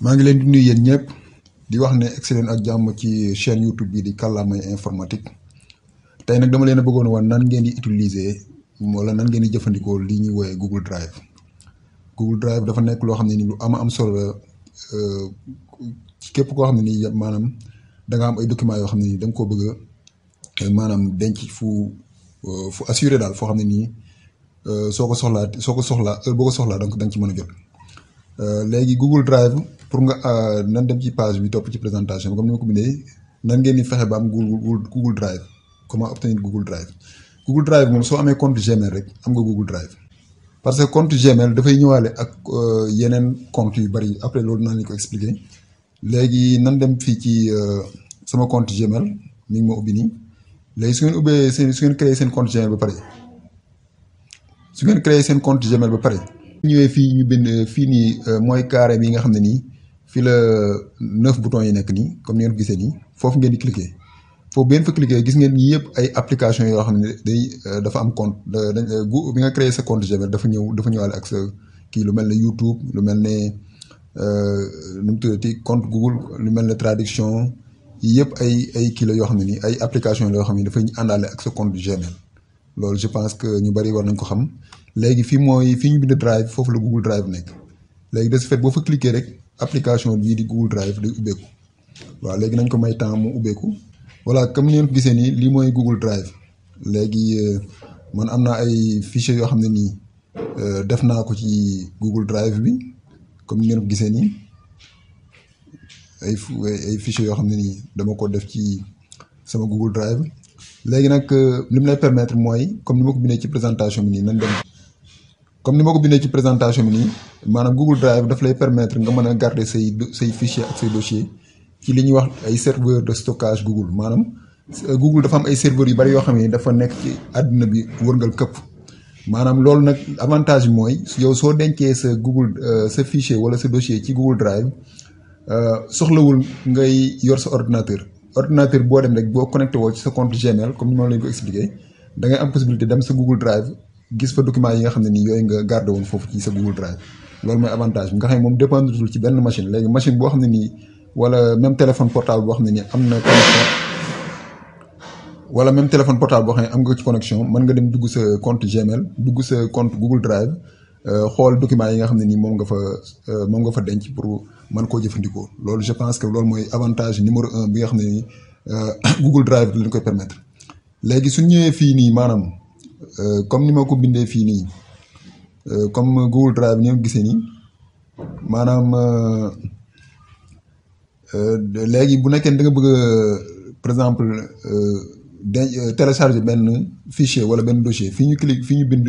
maa ngi leen di nuyu yéen ñëpp di wax ne excellent ak jàmm ci chaîne YouTube bi di kàllaamay informatique tey nag dama leen a bëggoon woon nan ngeen di utiliser wala nan ngeen di jëfandikoo li ñuy woowee Google Drive Google Drive dafa nekk loo xam ne nii lu ama am solo la euh, képp koo xam ne nii maanaam da nga am ay document yoo xam ne nii da nga koo bëgg euh, maanaam denc fu euh, fu assuré daal foo xam ne nii soo ko soxlaa soo ko soxlaa heure boo ko soxlaa donc da ci mën a jot léegi Google Drive. pour nga euh, nan dem ci page bi topp ci présentation bi comme ni ma ko bindee nan ngeen ni fexe ba am Google Google Drive comment obtenir Google Drive Google Drive moom soo amee compte Gmail rek am nga Google Drive. parce que compte Gmail dafay ñëwaale ak euh, yeneen compte yu bari après loolu naa ni ko expliquer léegi nan dem fii ci euh, sama compte Gmail mi ngi ma ubbi nii léegi su ngeen ubbee seen su ngeen créé seen compte Gmail ba pare su ngeen créé seen compte Gmail ba pare. fii ñu bind fii nii mooy carré bi nga xam ne nii. fii la neuf boutons yi nekk nii comme ni ngeen ko gisee nii foofu ngeen di cliquer foofu ngeen fa cliquer gis ngeen yii yëpp ay application yoo xam ne day euh, dafa am compte dañ euh, bi nga créé sa compte Gmail dafa ñëw dafa ñëwaale ak sa kii lu mel ne YouTube lu mel ne euh, nu mu tuddati compte Google lu mel ne traduction yëpp ay ay kii yoo xam ne nii ay application yoo xam ne dafay àndaale ak sa compte Gmail loolu je pense que ñu bari war nañ ko xam léegi fii mooy fii ñu bind drive foofu la Google Drive nekk léegi des ce fait boo fa cliquer rek. application bii di Google Drive di ubbeeku waaw léegi nañ ko may temps mu ubbeeku voilà comme ni ngeen ko gisee nii lii mooy Google Drive léegi euh, man am naa ay fichiers yoo xam ne nii euh, def naa ko ci Google bi comme ni gisee nii ay ay fichiers yoo xam ne nii dama ko def ci sama Google Drive léegi nag euh, li mu lay permettre mooy comme ni ma ko bindee ci présentation bi nii nañ dem. comme ni ma ko bindee ci présentation bi nii maanaam Google Drive daf lay permettre nga mën a garder say say fichier ak say dossier ci li ñuy wax ay serveur de stockage Google maanaam euh, Google dafa am ay serveurs yu bari yoo xam ne dafa nekk ci àddina bi wërngal këpp maanaam loolu nag avantage bi mooy yow soo dencee sa Google euh, sa fichier wala sa dossier ci Google Drive euh, soxlawul ngay yor sa ordinateur ordinateur boo dem rek boo connecté woo ci sa compte Gmail comme ni ma leen ko expliqué da ngay dem sa Google Drive gis fa document yi nga xam ne nii yooyu nga gardé woon foofu ci sa Google Drive loolu mooy avantage bi nga xam ne moom dépendretul ci benn machine léegi machine boo xam ne nii wala même téléphone portable boo xam ne nii am na wala même téléphone portable boo xam ne am nga ci connexion mën nga dem dugg sa compte Gmail dugg sa compte Google euh, xool documents yi nga xam ne nii moom nga fa euh, moom nga fa denc pour mën koo jëfandikoo loolu je pense que loolu mooy avantage numéro un bi nga xam ne nii euh, Google Drive lañ koy permettre léegi su fii nii maanaam Euh, comme ni ma ko bindee fii nii euh, comme Google Drive bi ñoo gisee nii maanaam euh, léegi bu nekkee da nga bëgg par exemple de télécharger benn ficher wala benn dossier fii ñu clique fii ñu bind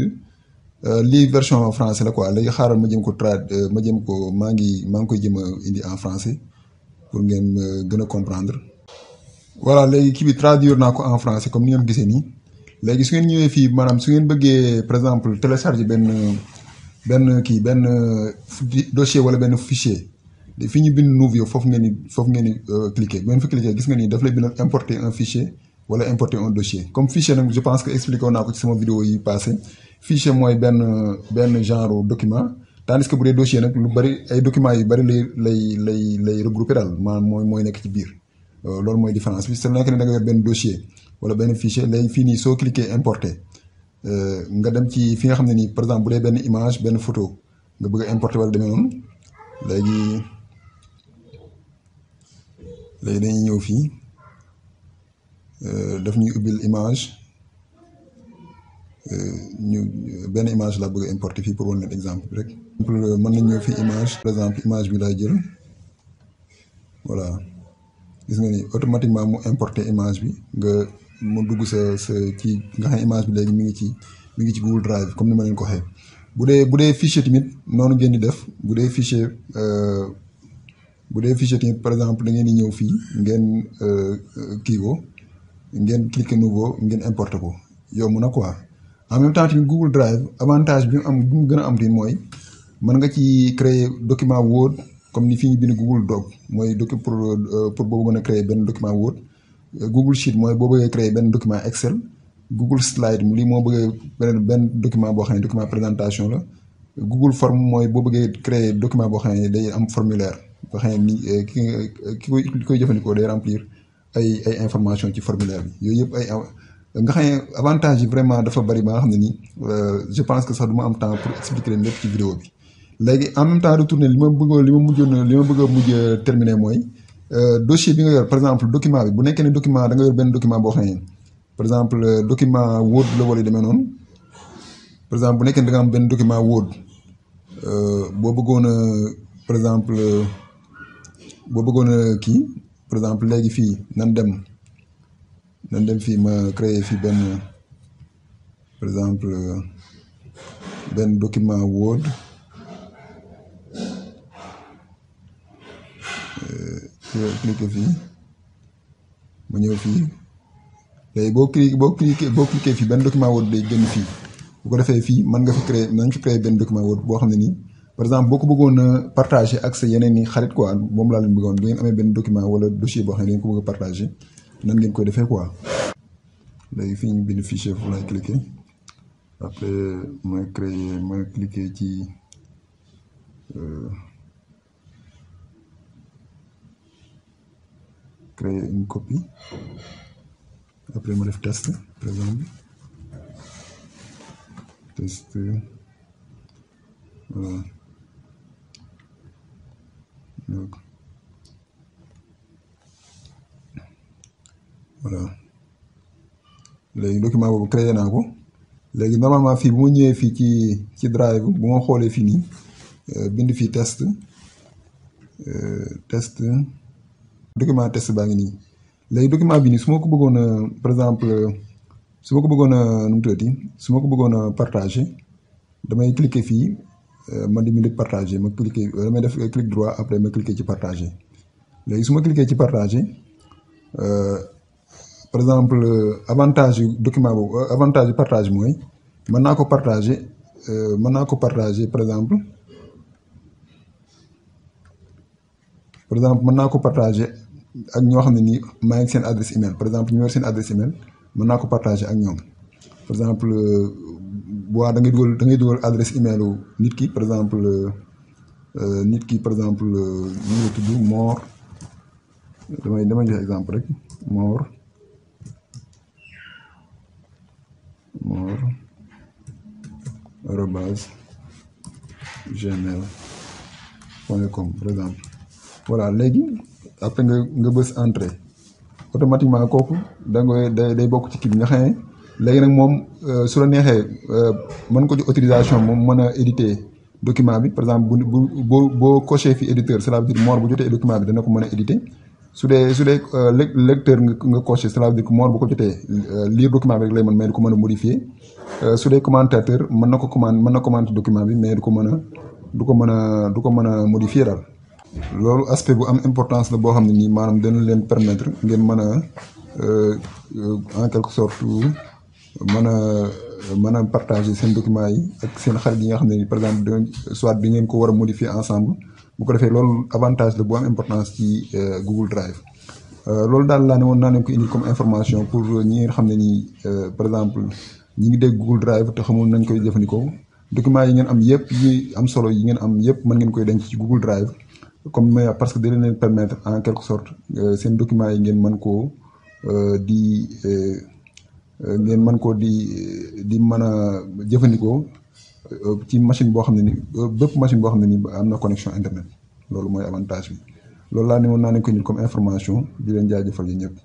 lii version français la quoi léegi xaaral ma jëm ko traduire ma jëm ko maa ngi maa ngi koy jëm a indi en français pour ngeen gën a comprendre voilà léegi kii bi traduire naa ko en français comme ni ngeen gisee nii. léegi su ngeen ñëwee fii maanaam su ngeen bëggee par exemple télécharger benn benn kii benn dossier wala benn fichier fi ñu bind Nuvio foofu ngeen di foofu ngeen di euh, cliquer bu ngeen fi gis nga ni daf lay bindal importer un fichier wala importer un dossier comme fichier nag je pense que expliqué woon naa ko ci sama vidéo yi passé fichier mooy benn benn genre document tandis que bu dee dossier nag lu bari ay document yu bari lay lay lay lay regrouper daal maanaam mooy mooy nekk ci biir euh, loolu mooy différence bi su benn dossier wala benn fichier léegi fii nii soo cliquer importer euh, nga dem ci fi nga xam ne nii par exemple bu dee benn image benn photo nga bëgg a importer wala demee noonu léegi ñëw fii euh, daf ñuy ubbil image euh, ñu image laa bëgg a importer fii pour wan leen exemple rek. mën nañ ñëw fii image par exemple image bi laay jël voilà gis nga ni automatiquement mu importer image bi mu dugg sa sa ci nga xam image bi léegi mi ngi ci mi ngi ci Google Drive comme ni ma leen ko waxee bu dee bu dee fichier tamit noonu ngeen di def bu dee fichier euh, bu dee fichier par exemple da ngeen di ñëw fii ngeen euh, kii ko ngeen cliquer nouveau ngeen importer ko yomb na quoi en même temps tamit Google Drive avantage bi am bi gën a am tamit mooy mën nga ci créer document Word comme ni fi ñu bind Google mooy docu pour euh, pour boobu mën a benn document Word Google Sheet mooy boo bëggee créer benn document Excel Google Slide lii moo bëggee beneen benn document boo xam ne document présentation la Google Form mooy boo bëggee créer document boo xam ne day am formulaire boo xam ne nii eh, ki koy koy jëfandikoo day remplir ay ay information ci formulaire bi yooyu yëpp ay nga xam ne avantage yi vraiment dafa bari ba nga xam ne nii euh, je pense que sax du ma am temps pour expliquer leen ci vidéo bi léegi en même temps retourner li ma bëggoon li ma mujjoon li ma bëgg a mujj terminer mooy Euh, dossier bi nga yor par exemple document bi bu nekkee ne document dangay nga yor benn document boo xam par exemple euh, document Word la wala demee noonu par exemple bu nekkee ne da nga am benn document Word euh, boo bëggoon a par exemple boo bëggoon a kii par exemple léegi fii nan dem nan dem fii ma créer fii benn par exemple benn document Word. cliquer fii mu ñëw fii léegi boo cliquer boo cliquer boo cliquer fii benn document Word day génn fii bu ko defee fii mën nga fi créer mën nga fi créer benn document Word boo xam ne nii par exemple boo ko bëggoon a partager ak sa yeneen i xarit quoi moom laa leen bëggoon bu ngeen amee benn document wala dossier boo xam ne ngeen ko bëgg a nan ngeen koy defee quoi léegi fii ñu bind fichier foofu laay cliquer après ma créer ma cliquer ci. Euh, créer une copie après ma def test par exemple test voilà donc léegi document boobu créé naa ko léegi normalement fii bu ma ñëwee fii ci ci drive bu ma xoolee fii nii euh, bind fi test euh, test document test baa ngi nii léegi document bi nii su ma ko bëggoon a par exemple su ma ko bëggoon a nu mu su ma ko bëggoon a damay cliquer fii euh, man di mu def partager ma cliquer damay def clic droit après ma cliquer ci partager léegi su ma cliquer ci partager euh, par exemple avantage document boobu euh, avantage partage mooy mën naa ko partager mën naa ko partager par exemple. par exemple mën naa ko partager ak ñoo xam ne nii maa ngi seen adresse email par exemple ñu yor seen adresse email mën naa ko partager ak ñoom par exemple bois euh, da ngay dugal da ngay dugal adresse emailu nit ki par exemple euh, euh, nit ki par exemple ñu ngi tudd damay damay joxe exemple rek Mor Mor arobase point com par exemple. voilà léegi après nga nga bës entrée automatiquement kooku da ngay day day bokk ci kii nga xam ne léegi nag moom euh, su la neexee euh, man ko ci autorisation moom mën a éditer document bi par exemple bu bu boo boo coché fi éditeur cela jotee document bi dana ko mën a éditer su dee su dee euh, lecteur nga coché cela veut dire que Mor bu ko jotee lire document bi rek lay mën mais du ko mën a modifier su dee commentateur mën na ko commande mën na commenter document bi mais du ko mën a du ko mën a du ko mën a modifier daal. loolu aspect bu am importance la boo xam ne nii maanaam dana leen permettre ngeen mën a euh, en quelque sorte mën a mën a partager seen documents yi ak seen xarit yi nga xam ne ni par exemple da soit di ngeen ko war a modifier ensemble bu ko defee loolu avantage la bu am importance ci euh, Google Drive euh, loolu daal laa ne woon naa leen ko indi comme information pour ñi nga xam ne nii par exemple ñi ngi dégg Google Drive te xamul nañ koy jëfandikoo document yi ngeen am yëpp yi am solo yi ngeen am yëpp mën ngeen koy denc ci Google Drive comme euh, parce que dina leen permettre en quelque sorte euh, seen document yi ngeen mën koo euh, di ngeen mën koo di di mën a jëfandikoo ci machine boo xam ne ni bépp machine boo xam ne ni am na connexion internet loolu mooy avantage bi loolu laa ne woon naa ne ko nit comme information di leen jaajëfal yi ñëpp